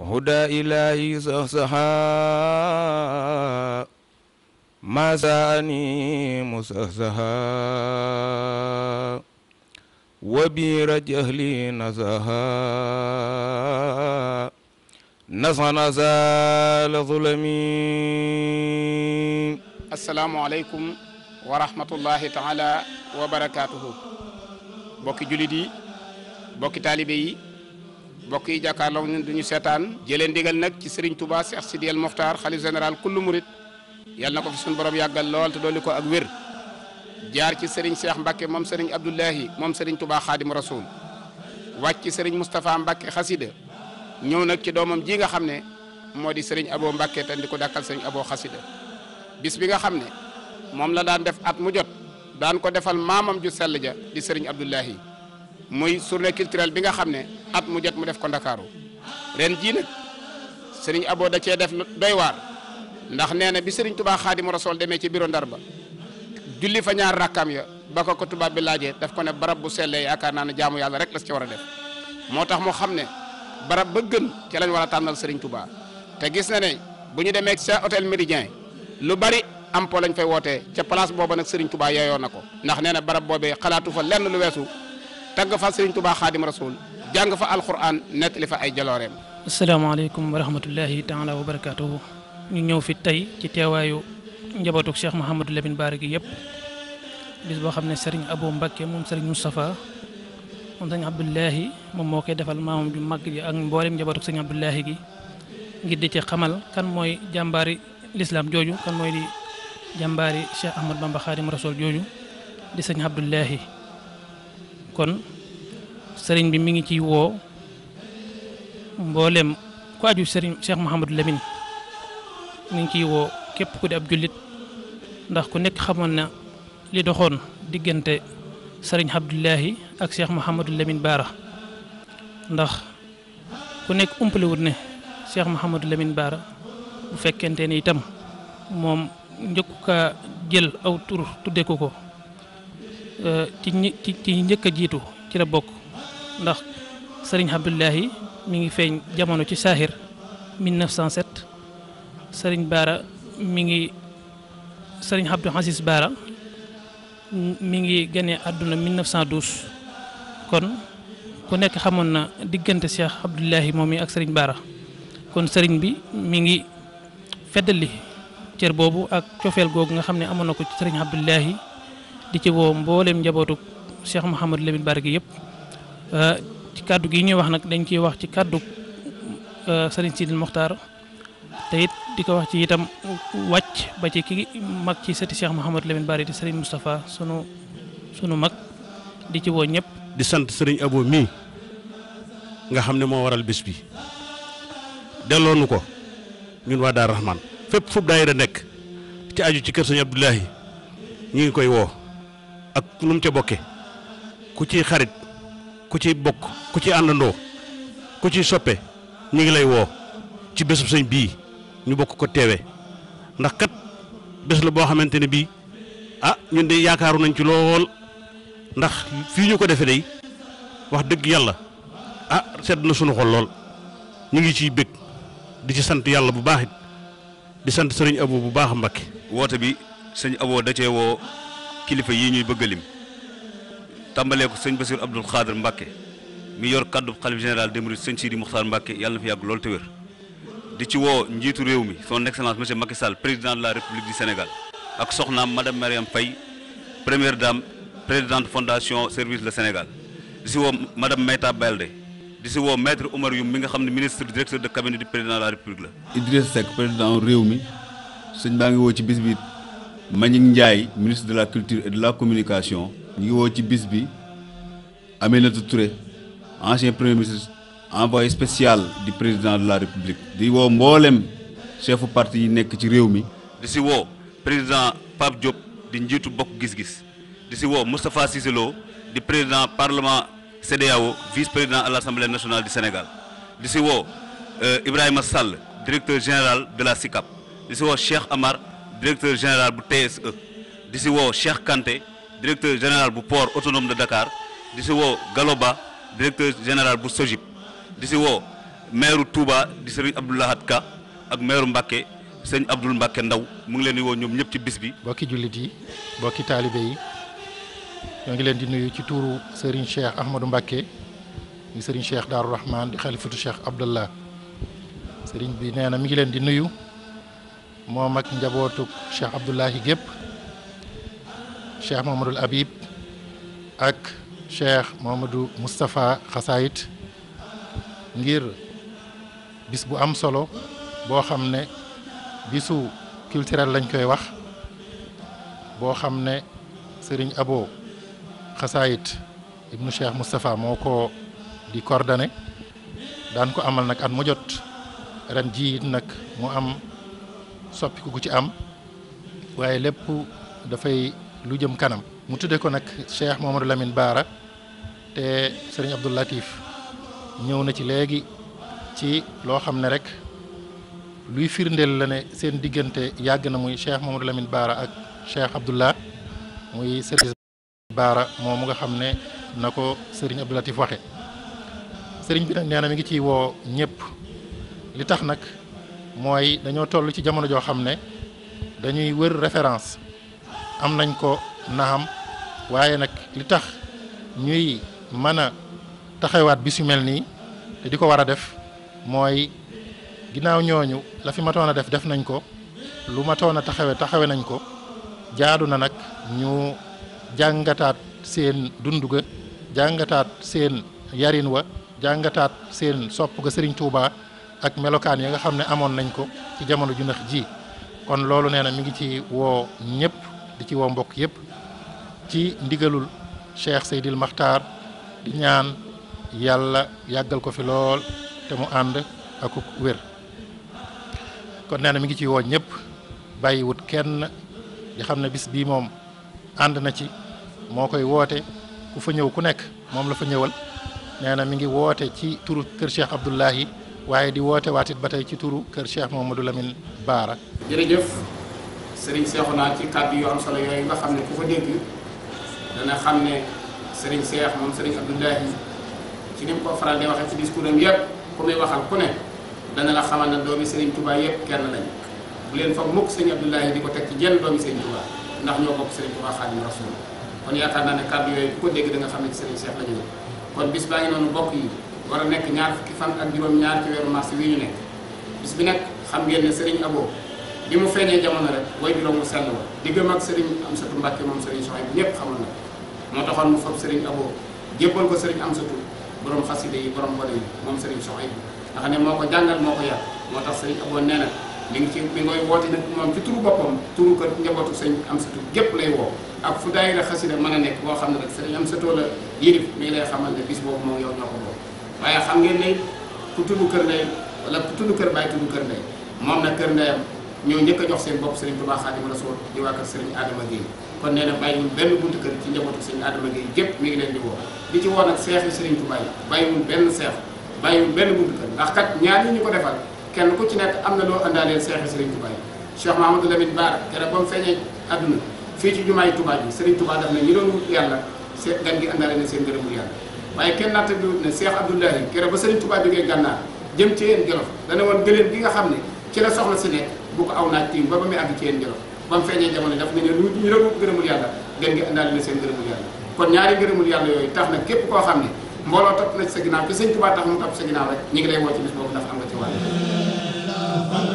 هدى إلهي سخسها ما ساني مسخسها وبير جهلي نزها نصى نزال ظلمي السلام عليكم ورحمة الله تعالى وبركاته بوكي جلدي بوكي طالبي mbokk yi jàkkaarloo ñun duñu sétane jëlee ndigal nak ci Serigne Touba Cheikh Sidi El Mokhtar xalif général kullu murit yàlla nako fi sun borom yagal lol te dolli ko ak wér jaar ci Serigne Cheikh Mbacke mom Serigne abdullah mom Serigne Touba khadim Rasoul wàcc ci Serigne mustapha Mbacke xasida ñëw nak ci domam ji nga xamne modi Serigne Abo Mbacke tan diko dakal Serigne Abo xasida bis bi nga xamne mom la daan def at mu jot daan ko defal mamam ju sell ja di Serigne abdullah muy journée culturel bi nga xamne at mu jot mu def ko ndakaaru ren jii nag sëriñ Abo da cee def doy waar ndax nee na bi sëriñ tubaa xaadimu rasool demee ci biiru ndar ba julli fa ñaar rakkam ya ba ko ko tubaab bi laajee daf ko ne barab bu sellee yaakaar naa ne jaamu yàlla rek la ci war a def moo tax mu xam ne barab ba gën ci lañ war a tànnal sëriñ tubaa te gis na ne bu ñu demee sa hôtel Méridien lu bari ampo lañ fay wootee ca place booba nag sëriñ tubaa yeyoo na ko ndax nee na barab boobee xalaatu fa lenn lu weesu tagg fa sëriñ tubaa xaadim rasool jàng fa alquran netli fa ay jalorem assalamu alaykum wa rahmatullahi taala wa barakatuh ñu ñëw fi tay ci tewayu njabotuk Cheikh mohammed Lamine barki yeb bis bo xamne Serigne Abou mbake mom Serigne mustafa mom Serigne abdullah mom mo koy defal maamam bi mag ji ak mbolem njabotuk Serigne abdullah gi ngir di ci xamal kan moy jàmbaari l'islam joju kan moy di jàmbaari Cheikh ahmed Bamba khadim rasoul joju di Serigne abdullah kon. sëriñ bi mi ngi ciy woo mboolem ku aju sëriñ Cheikh Mouhamadou Lamine mi ngi ciy woo képp ku di ab jullit ndax ku nekk xamoon na li doxoon diggante sëriñ Abdullahi ak seex Mouhamadou lemin Baara ndax ku nekk umpalewut ne seex Mouhamadou lemin Baara bu fekkente ni itam moom njëkkuka jël aw tur tudde ko ko euh, ci ñi ci njëkk a jiitu ci la bokk ndax sëriñ Abdullahi mi ngi feeñ jamono ci saahir 1907 sëriñ Baara mi ngi sëriñ Abdou Baara mi ngi gane àdduna 1912 kon ku nekk xamoon na diggante Cheikh Abdullahi moom yi ak sëriñ Baara kon sëriñ bi mi ngi feddali cër boobu ak cofeel googu nga xam ne amoon na ko ci sëriñ Abdullahi di ci woo mboolem njabootu Cheikh Mouhamadou Lamine Bara gi yëpp. Eh, ci kaddu gi ñu wax nak dañ ci wax ci kaddu eh, serigne sidil muxtaar te it di wax ci itam wacc ba ci ki mag ci sëti cheikh mohammed lamine bari di serigne mustapha sunu sunu mag di ci wo ñep di sante serigne abo mi nga xamne mo waral bes bi delloonu ko ñun wa dar rahman fep fu daayira nek ci aju ci keur serigne abdoulahi ñi ngi koy wo ak nu mu bokke ku ci xarit ku ci bokk ku ci àndandoo ku ci soppe ñu ngi lay woo ci bésu sëñ bii ñu bokk ko teewee ndax kat bés la boo xamante ne bii ah ñun de yaakaaru nañ ci lool ndax fii ñu ko defee day wax dëgg yàlla ah sedd na sunu xol lool ñu ngi ciy bëgg di ci sant yàlla bu baax di sant sëriñ Abo bu baax a Mbàkke woote bi sëñ Abo da cee woo kilifa yii ñuy bëgg a Je ko Abdul bassir Abdoul Khadr meilleur mi yor général de mourides sëñ Sidi Mokhtar Mbaké, yalla na fi di ci son excellence monsieur Makissal, président de la république du Sénégal ak Mme madame Mariam Faye première dame présidente fondation service du Sénégal di Mme madame Mayta Balde di maître Oumar Youm mi ministre directeur de cabinet du président de la république la. Seck président réew mi sëñ ministre de la culture et de la communication nous avons ci bis bi Touré ancien premier ministre envoyé spécial du président de la république di le chef du parti yi nekk ci président Pape Diop di njiitu bokk gis-gis di Moustapha Cissé président parlement CEDEAO vice président de l'Assemblée nationale du Sénégal di si woo euh, Ibrahim directeur général de la SICAP di si Cheikh Amar directeur général du TSE di si Cheikh Kanté directeur général bu port otonom de Dakar di si woo Galoba directeur général bu Sojib di si woo maire Touba di sëriñ Abdoulahat ak maire Mbacke sëñ Abdoul Mbacke Ndaw mu ngi leen di woo ñoom ñëpp ci bis bi. mbokki jullit yi mbokki taalibe yi ngi leen di nuyu ci tuuru sëriñ Cheikh Ahmadou Mbacke di sëriñ Cheikh Darou Rahman di xalifatu Cheikh Abdallah sëriñ bi nee na mi ngi leen di nuyu moom ak njabootu Cheikh Abdoulahi gépp cheikh Mohamadul Habib ak cheikh Mohamadou Moustapha Xasaayit ngir bis bu am solo boo xam ne bisu culturel lañ koy wax boo xam ne Serigne Abo Xasaayit ibnu cheikh Moustapha moo ko di coordonné daan ko amal nag at mu jot ren ji nag mu am soppiku gu ci am waaye lépp dafay lu jëm kanam mu tuddee ko nag Cheikh Mouhamadou Lamine Baara te sëriñ Abdou Latif ñëw na ci léegi ci loo xam ne rek luy firndeel la ne seen diggante yàgg na muy Cheikh Mouhamadou Lamine Baara ak Cheikh Abdoulah muy sëriñ Baara moomu nga xam ne na ko sëriñ Abdou waxe sëriñ bi nag nee na mi ngi ciy woo ñëpp li tax nag mooy dañoo toll ci jamono joo xam ne dañuy wër référence am nañ ko naxam waaye nag li tax ñuy mën a taxawaat bis mel nii te di ko war a def mooy ginnaaw ñooñu la fi matoon a def def nañ ko lu matoon a taxawe taxawe nañ ko jaadu na nag ñu jàngataat seen dund ga jàngataat seen yarin wa jàngataat seen sopp ga Serigne Touba ak melokaan ya nga xam ne amoon nañ ko ci jamono ju ndax ji kon loolu nee na mi ngi ci woo ñëpp di ci woo mbokk yépp ci ndigalul cheikh seydil maxtaar di ñaan yàlla yàggal ko fi lool te mu ànd ak wér kon nee na mi ngi ci woo ñëpp bàyyiwut kenn di xam ne bis bii moom ànd na ci moo koy woote ku fa ñëw ku nekk moom la fa ñëwal nee mi ngi woote ci turu kër cheikh abdoulahi waaye di woote waatit ba tey ci turu kër cheikh mamadou lamine baara jërëjëf Sering seexu naa ci kàddu yu am solo yooyu nga xam ne ku ko dégg dana sering ne sëriñ seex moom sëriñ abdullahi ci ni mu ko faral di waxee ci discours am yépp ku muy waxal ku ne dana la xamal ne doomi sëriñ tubaa yépp kenn lañ bu leen fa mukk abdullahi di ko teg ci jenn doomi sëriñ tubaa ndax sering bokk sëriñ rasul kon yaakaar naa ne kàddu yooyu ku ko dégg da nga xam ne ci kon bis baa ngi noonu yi ñaar fukki fan ak ñaar ci bis bi xam ngeen ne li mu feeñee jamono rek way juróom mu sell wa diggam ak sëriñ Amsatu Mbàkke moom sëriñ Soxay bi ñëpp xamoon na moo taxoon mu fab sëriñ Abo jébbal ko sëriñ Amsatu borom xaside yi borom bone yi moom sëriñ Soxay bi nga moo ko jàngal moo ko yar moo tax sëriñ Abo nee na li ngi ci li ngay woote nag moom ci turu boppam turu ko njabootu sëriñ Amsatu gépp lay woo ak fu daayira xasida mën a nekk boo xam ne rek sëriñ Amsatu la yërif mi lay xamal ne bis boobu moom yow ñoo ko boobu waaye xam ngeen ne ku tudd kër ndey wala ku na kër ñoo njëkk jox seen bopp Serigne Touba Xaadimu Rasuul di waa kër Serigne Adama Gueye kon nee na bàyyiwul benn buntu kër ci njabootu Serigne Adama Gueye gépp mi ngi leen di woo ci woo nag seex yi Serigne yi benn seex bàyyiwul benn buntu kër ndax ñu ko defal kenn ku ci am na loo àndaaleel seex yi Serigne Touba yi Cheikh Mahamadou Lamine Bara keroog ba mu feeñee adduna fii ci jumaay Touba ji Serigne Touba daf na ñi doon wut yàlla seen gan gi na seen ngërëmul yàlla kenn natta bi wut ne Cheikh Abdoulahi keroog ba Serigne Touba jógee gànnaar jëm ci yéen Jolof dana woon gëleen gi nga xam ne ci la soxla si nekk bu ko aw naaj tiim ba ba muy àgg ci yéen ba mu feeñee jamono daf ne ne lu ñu rëgu ngërëmul yàlla den ngi indaale na seen ngërëmul yàlla kon ñaari ngërëmul yàlla yooyu tax na képp koo xam ne mbooloo topp na ci sa ginnaaw ki sëñ Tuubaa tax mu topp sa ginnaaw rek ñu ngi lay woo ci bis boobu ndax am nga ci wàll